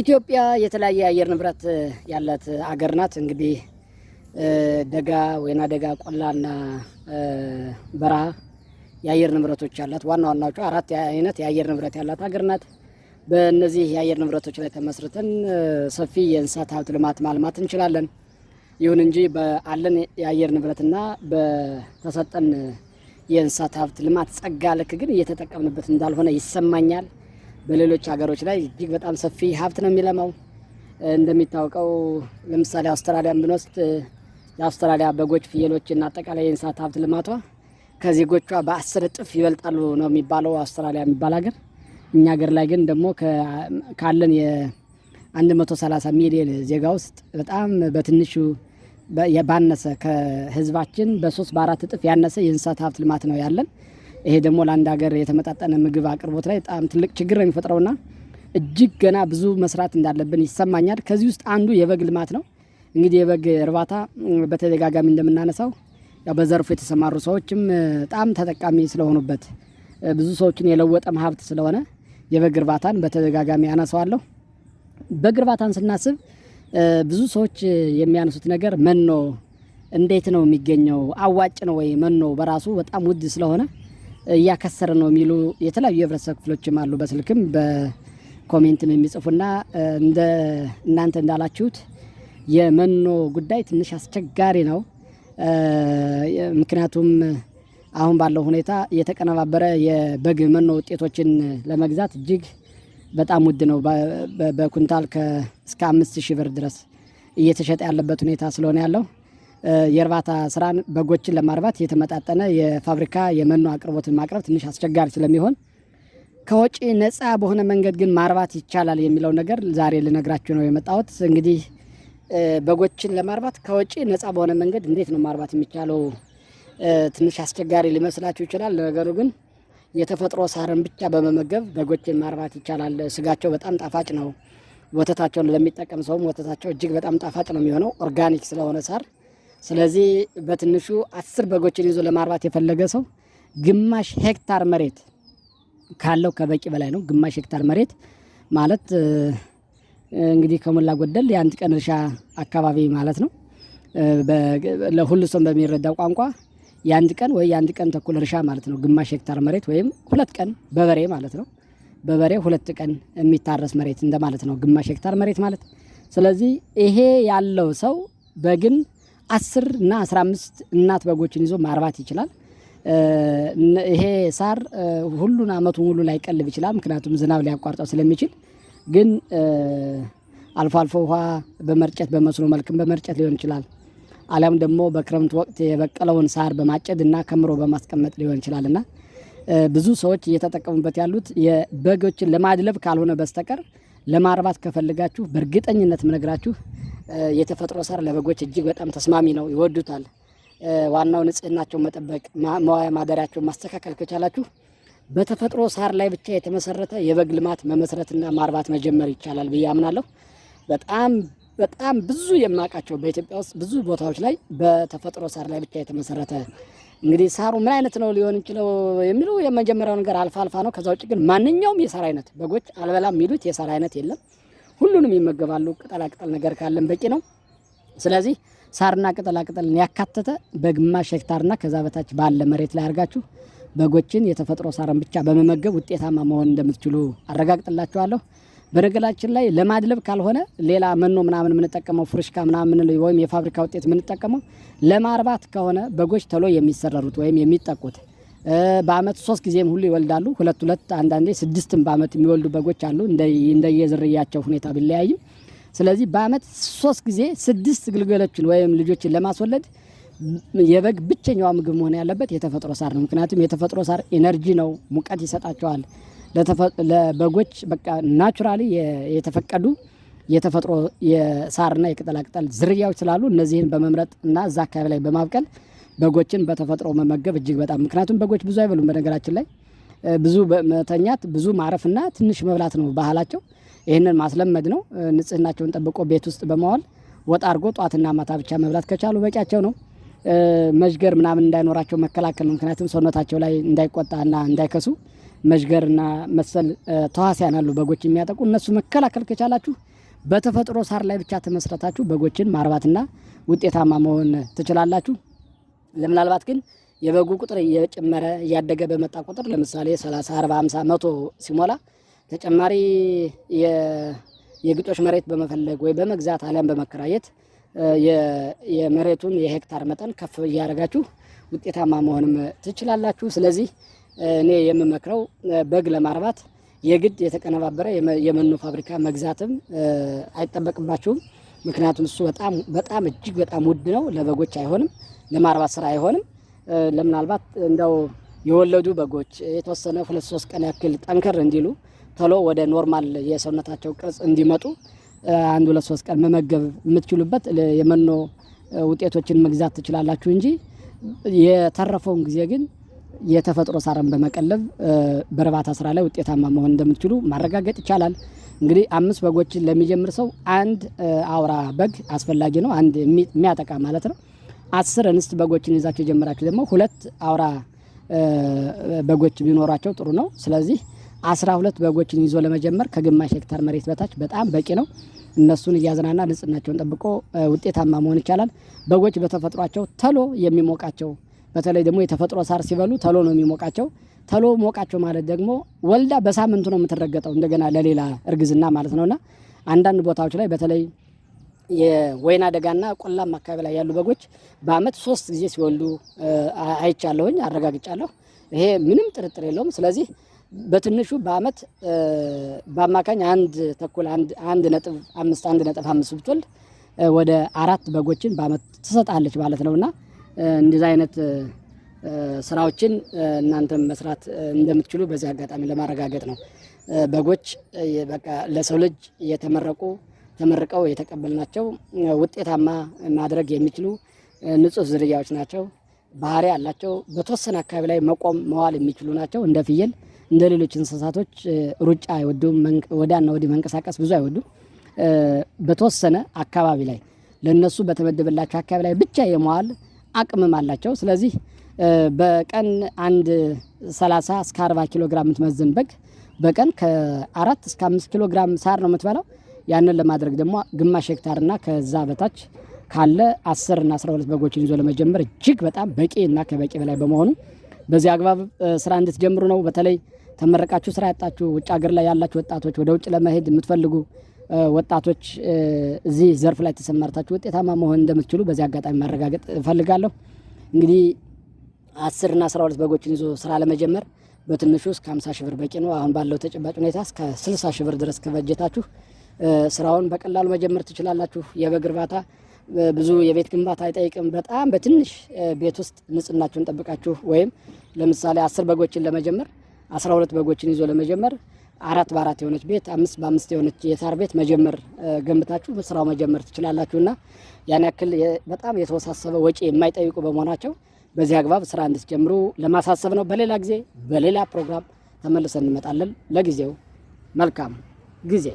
ኢትዮጵያ የተለያየ የአየር ንብረት ያላት አገር ናት። እንግዲህ ደጋ፣ ወይና ደጋ፣ ቆላና በረሃ የአየር ንብረቶች ያላት ዋና ዋናዎቹ አራት አይነት የአየር ንብረት ያላት አገር ናት። በእነዚህ የአየር ንብረቶች ላይ ተመስርተን ሰፊ የእንስሳት ሀብት ልማት ማልማት እንችላለን። ይሁን እንጂ በአለን የአየር ንብረትና በተሰጠን የእንስሳት ሀብት ልማት ጸጋ ልክ ግን እየተጠቀምንበት እንዳልሆነ ይሰማኛል። በሌሎች ሀገሮች ላይ እጅግ በጣም ሰፊ ሀብት ነው የሚለማው። እንደሚታወቀው ለምሳሌ አውስትራሊያን ብንወስድ የአውስትራሊያ በጎች፣ ፍየሎች እና አጠቃላይ የእንስሳት ሀብት ልማቷ ከዜጎቿ በአስር እጥፍ ይበልጣሉ ነው የሚባለው አውስትራሊያ የሚባል ሀገር። እኛ ሀገር ላይ ግን ደግሞ ካለን የ130 ሚሊዮን ዜጋ ውስጥ በጣም በትንሹ ባነሰ ከህዝባችን በሶስት በአራት እጥፍ ያነሰ የእንስሳት ሀብት ልማት ነው ያለን። ይሄ ደግሞ ለአንድ ሀገር የተመጣጠነ ምግብ አቅርቦት ላይ በጣም ትልቅ ችግር ነው የሚፈጥረውና እጅግ ገና ብዙ መስራት እንዳለብን ይሰማኛል። ከዚህ ውስጥ አንዱ የበግ ልማት ነው። እንግዲህ የበግ እርባታ በተደጋጋሚ እንደምናነሳው ያው በዘርፉ የተሰማሩ ሰዎችም በጣም ተጠቃሚ ስለሆኑበት ብዙ ሰዎችን የለወጠም ሀብት ስለሆነ የበግ እርባታን በተደጋጋሚ አነሳዋለሁ። በግ እርባታን ስናስብ ብዙ ሰዎች የሚያነሱት ነገር መኖ እንዴት ነው የሚገኘው? አዋጭ ነው ወይ? መኖ በራሱ በጣም ውድ ስለሆነ እያከሰረ ነው የሚሉ የተለያዩ የህብረተሰብ ክፍሎችም አሉ። በስልክም በኮሜንትም የሚጽፉና እንደ እናንተ እንዳላችሁት የመኖ ጉዳይ ትንሽ አስቸጋሪ ነው። ምክንያቱም አሁን ባለው ሁኔታ የተቀነባበረ የበግ መኖ ውጤቶችን ለመግዛት እጅግ በጣም ውድ ነው። በኩንታል እስከ አምስት ሺህ ብር ድረስ እየተሸጠ ያለበት ሁኔታ ስለሆነ ያለው የእርባታ ስራን በጎችን ለማርባት የተመጣጠነ የፋብሪካ የመኖ አቅርቦትን ማቅረብ ትንሽ አስቸጋሪ ስለሚሆን ከወጪ ነፃ በሆነ መንገድ ግን ማርባት ይቻላል የሚለው ነገር ዛሬ ልነግራችሁ ነው የመጣሁት። እንግዲህ በጎችን ለማርባት ከወጪ ነፃ በሆነ መንገድ እንዴት ነው ማርባት የሚቻለው? ትንሽ አስቸጋሪ ሊመስላችሁ ይችላል። ነገሩ ግን የተፈጥሮ ሳርን ብቻ በመመገብ በጎችን ማርባት ይቻላል። ስጋቸው በጣም ጣፋጭ ነው። ወተታቸውን ለሚጠቀም ሰውም ወተታቸው እጅግ በጣም ጣፋጭ ነው የሚሆነው ኦርጋኒክ ስለሆነ ሳር ስለዚህ በትንሹ አስር በጎችን ይዞ ለማርባት የፈለገ ሰው ግማሽ ሄክታር መሬት ካለው ከበቂ በላይ ነው። ግማሽ ሄክታር መሬት ማለት እንግዲህ ከሞላ ጎደል የአንድ ቀን እርሻ አካባቢ ማለት ነው። ለሁሉ ሰው በሚረዳው ቋንቋ የአንድ ቀን ወይ የአንድ ቀን ተኩል እርሻ ማለት ነው። ግማሽ ሄክታር መሬት ወይም ሁለት ቀን በበሬ ማለት ነው። በበሬ ሁለት ቀን የሚታረስ መሬት እንደማለት ነው፣ ግማሽ ሄክታር መሬት ማለት። ስለዚህ ይሄ ያለው ሰው በግን አስር እና አስራ አምስት እናት በጎችን ይዞ ማርባት ይችላል። ይሄ ሳር ሁሉን አመቱን ሁሉ ላይቀልብ ይችላል። ምክንያቱም ዝናብ ሊያቋርጠው ስለሚችል ግን አልፎ አልፎ ውሃ በመርጨት በመስኖ መልክም በመርጨት ሊሆን ይችላል። አሊያም ደግሞ በክረምት ወቅት የበቀለውን ሳር በማጨድ እና ከምሮ በማስቀመጥ ሊሆን ይችላል እና ብዙ ሰዎች እየተጠቀሙበት ያሉት የበጎችን ለማድለብ ካልሆነ በስተቀር ለማርባት ከፈልጋችሁ በእርግጠኝነት ምነግራችሁ የተፈጥሮ ሳር ለበጎች እጅግ በጣም ተስማሚ ነው፣ ይወዱታል። ዋናው ንጽህናቸው መጠበቅ፣ መዋያ ማደሪያቸውን ማስተካከል ከቻላችሁ በተፈጥሮ ሳር ላይ ብቻ የተመሰረተ የበግ ልማት መመስረትና ማርባት መጀመር ይቻላል ብዬ አምናለሁ። በጣም በጣም ብዙ የማውቃቸው በኢትዮጵያ ውስጥ ብዙ ቦታዎች ላይ በተፈጥሮ ሳር ላይ ብቻ የተመሰረተ እንግዲህ ሳሩ ምን አይነት ነው ሊሆን ይችለው የሚሉ የመጀመሪያው ነገር አልፋ አልፋ ነው። ከዛ ውጭ ግን ማንኛውም የሳር አይነት በጎች አልበላም የሚሉት የሳር አይነት የለም። ሁሉንም ይመገባሉ። ቅጠላቅጠል ነገር ካለን በቂ ነው። ስለዚህ ሳርና ቅጠላቅጠልን ያካተተ በግማሽ ሄክታርና ከዛ በታች ባለ መሬት ላይ አድርጋችሁ በጎችን የተፈጥሮ ሳርን ብቻ በመመገብ ውጤታማ መሆን እንደምትችሉ አረጋግጥላችኋለሁ። በነገራችን ላይ ለማድለብ ካልሆነ ሌላ መኖ ምናምን የምንጠቀመው ፍርሽካ ምናምን ወይም የፋብሪካ ውጤት የምንጠቀመው ለማርባት ከሆነ በጎች ተሎ የሚሰረሩት ወይም የሚጠቁት በአመት ሶስት ጊዜም ሁሉ ይወልዳሉ። ሁለት ሁለት አንዳንዴ ስድስትም በአመት የሚወልዱ በጎች አሉ እንደየዝርያቸው ሁኔታ ቢለያይም። ስለዚህ በአመት ሶስት ጊዜ ስድስት ግልገሎችን ወይም ልጆችን ለማስወለድ የበግ ብቸኛዋ ምግብ መሆን ያለበት የተፈጥሮ ሳር ነው። ምክንያቱም የተፈጥሮ ሳር ኢነርጂ ነው፣ ሙቀት ይሰጣቸዋል። ለበጎች በቃ ናቹራሊ የተፈቀዱ የተፈጥሮ የሳርና የቅጠላቅጠል ዝርያዎች ስላሉ እነዚህን በመምረጥ እና እዛ አካባቢ ላይ በማብቀል በጎችን በተፈጥሮ መመገብ እጅግ በጣም ምክንያቱም በጎች ብዙ አይበሉም። በነገራችን ላይ ብዙ መተኛት፣ ብዙ ማረፍና ትንሽ መብላት ነው ባህላቸው። ይህንን ማስለመድ ነው። ንጽህናቸውን ጠብቆ ቤት ውስጥ በመዋል ወጣ አድርጎ ጧትና ማታ ብቻ መብላት ከቻሉ በቂያቸው ነው። መዥገር ምናምን እንዳይኖራቸው መከላከል ነው። ምክንያቱም ሰውነታቸው ላይ እንዳይቆጣና እንዳይከሱ መዥገርና መሰል ተዋሲያን አሉ በጎች የሚያጠቁ እነሱ መከላከል ከቻላችሁ በተፈጥሮ ሳር ላይ ብቻ ተመስረታችሁ በጎችን ማርባትና ውጤታማ መሆን ትችላላችሁ። ለምናልባት ግን የበጉ ቁጥር እየጨመረ እያደገ በመጣ ቁጥር ለምሳሌ 30፣ 40፣ 50፣ መቶ ሲሞላ ተጨማሪ የግጦሽ መሬት በመፈለግ ወይ በመግዛት አሊያም በመከራየት የመሬቱን የሄክታር መጠን ከፍ እያደረጋችሁ ውጤታማ መሆንም ትችላላችሁ። ስለዚህ እኔ የምመክረው በግ ለማርባት የግድ የተቀነባበረ የመኖ ፋብሪካ መግዛትም አይጠበቅባችሁም። ምክንያቱም እሱ በጣም በጣም እጅግ በጣም ውድ ነው። ለበጎች አይሆንም፣ ለማርባት ስራ አይሆንም። ለምናልባት እንደው የወለዱ በጎች የተወሰነ ሁለት ሶስት ቀን ያክል ጠንከር እንዲሉ ቶሎ ወደ ኖርማል የሰውነታቸው ቅርጽ እንዲመጡ አንድ ሁለት ሶስት ቀን መመገብ የምትችሉበት የመኖ ውጤቶችን መግዛት ትችላላችሁ እንጂ የተረፈውን ጊዜ ግን የተፈጥሮ ሳርን በመቀለብ በእርባታ ስራ ላይ ውጤታማ መሆን እንደምትችሉ ማረጋገጥ ይቻላል። እንግዲህ አምስት በጎችን ለሚጀምር ሰው አንድ አውራ በግ አስፈላጊ ነው፣ አንድ የሚያጠቃ ማለት ነው። አስር እንስት በጎችን ይዛቸው የጀመራችሁ ደግሞ ሁለት አውራ በጎች ቢኖሯቸው ጥሩ ነው። ስለዚህ አስራ ሁለት በጎችን ይዞ ለመጀመር ከግማሽ ሄክታር መሬት በታች በጣም በቂ ነው። እነሱን እያዝናና ንጽህናቸውን ጠብቆ ውጤታማ መሆን ይቻላል። በጎች በተፈጥሯቸው ተሎ የሚሞቃቸው በተለይ ደግሞ የተፈጥሮ ሳር ሲበሉ ተሎ ነው የሚሞቃቸው። ተሎ ሞቃቸው ማለት ደግሞ ወልዳ በሳምንቱ ነው የምትረገጠው እንደገና ለሌላ እርግዝና ማለት ነውና አንዳንድ ቦታዎች ላይ በተለይ የወይና ደጋና ቆላማ አካባቢ ላይ ያሉ በጎች በአመት ሶስት ጊዜ ሲወልዱ አይቻለሁኝ፣ አረጋግጫለሁ። ይሄ ምንም ጥርጥር የለውም። ስለዚህ በትንሹ በአመት በአማካኝ አንድ ተኩል አንድ ነጥብ አምስት አንድ ነጥብ አምስት ብትወልድ ወደ አራት በጎችን በአመት ትሰጣለች ማለት ነውና እንደዚ አይነት ስራዎችን እናንተም መስራት እንደምትችሉ በዚህ አጋጣሚ ለማረጋገጥ ነው። በጎች በቃ ለሰው ልጅ የተመረቁ ተመርቀው የተቀበልናቸው ውጤታማ ማድረግ የሚችሉ ንጹህ ዝርያዎች ናቸው። ባህሪ አላቸው። በተወሰነ አካባቢ ላይ መቆም መዋል የሚችሉ ናቸው። እንደ ፍየል እንደ ሌሎች እንስሳቶች ሩጫ አይወዱም። ወዳና ወዲህ መንቀሳቀስ ብዙ አይወዱም። በተወሰነ አካባቢ ላይ ለነሱ በተመደበላቸው አካባቢ ላይ ብቻ የመዋል አቅምም አላቸው። ስለዚህ በቀን አንድ 30 እስከ 40 ኪሎ ግራም የምትመዝን በግ በቀን ከአራት እስከ አምስት ኪሎ ግራም ሳር ነው የምትበላው። ያንን ለማድረግ ደግሞ ግማሽ ሄክታርና ከዛ በታች ካለ 10 እና 12 በጎችን ይዞ ለመጀመር እጅግ በጣም በቂ እና ከበቂ በላይ በመሆኑ በዚህ አግባብ ስራ እንድትጀምሩ ነው። በተለይ ተመረቃችሁ ስራ ያጣችሁ ውጭ ሀገር ላይ ያላችሁ ወጣቶች፣ ወደ ውጭ ለመሄድ የምትፈልጉ ወጣቶች እዚህ ዘርፍ ላይ ተሰማርታችሁ ውጤታማ መሆን እንደምትችሉ በዚህ አጋጣሚ ማረጋገጥ እፈልጋለሁ። እንግዲህ አስርና አስራ ሁለት በጎችን ይዞ ስራ ለመጀመር በትንሹ እስከ ሀምሳ ሺህ ብር በቂ ነው። አሁን ባለው ተጨባጭ ሁኔታ እስከ ስልሳ ሺህ ብር ድረስ ከበጀታችሁ ስራውን በቀላሉ መጀመር ትችላላችሁ። የበግ እርባታ ብዙ የቤት ግንባታ አይጠይቅም። በጣም በትንሽ ቤት ውስጥ ንጽህናችሁን ጠብቃችሁ ወይም ለምሳሌ አስር በጎችን ለመጀመር አስራ ሁለት በጎችን ይዞ ለመጀመር አራት በአራት የሆነች ቤት አምስት በአምስት የሆነች የሳር ቤት መጀመር ገንብታችሁ ስራው መጀመር ትችላላችሁ እና ያን ያክል በጣም የተወሳሰበ ወጪ የማይጠይቁ በመሆናቸው በዚህ አግባብ ስራ እንድትጀምሩ ለማሳሰብ ነው። በሌላ ጊዜ በሌላ ፕሮግራም ተመልሰን እንመጣለን። ለጊዜው መልካም ጊዜ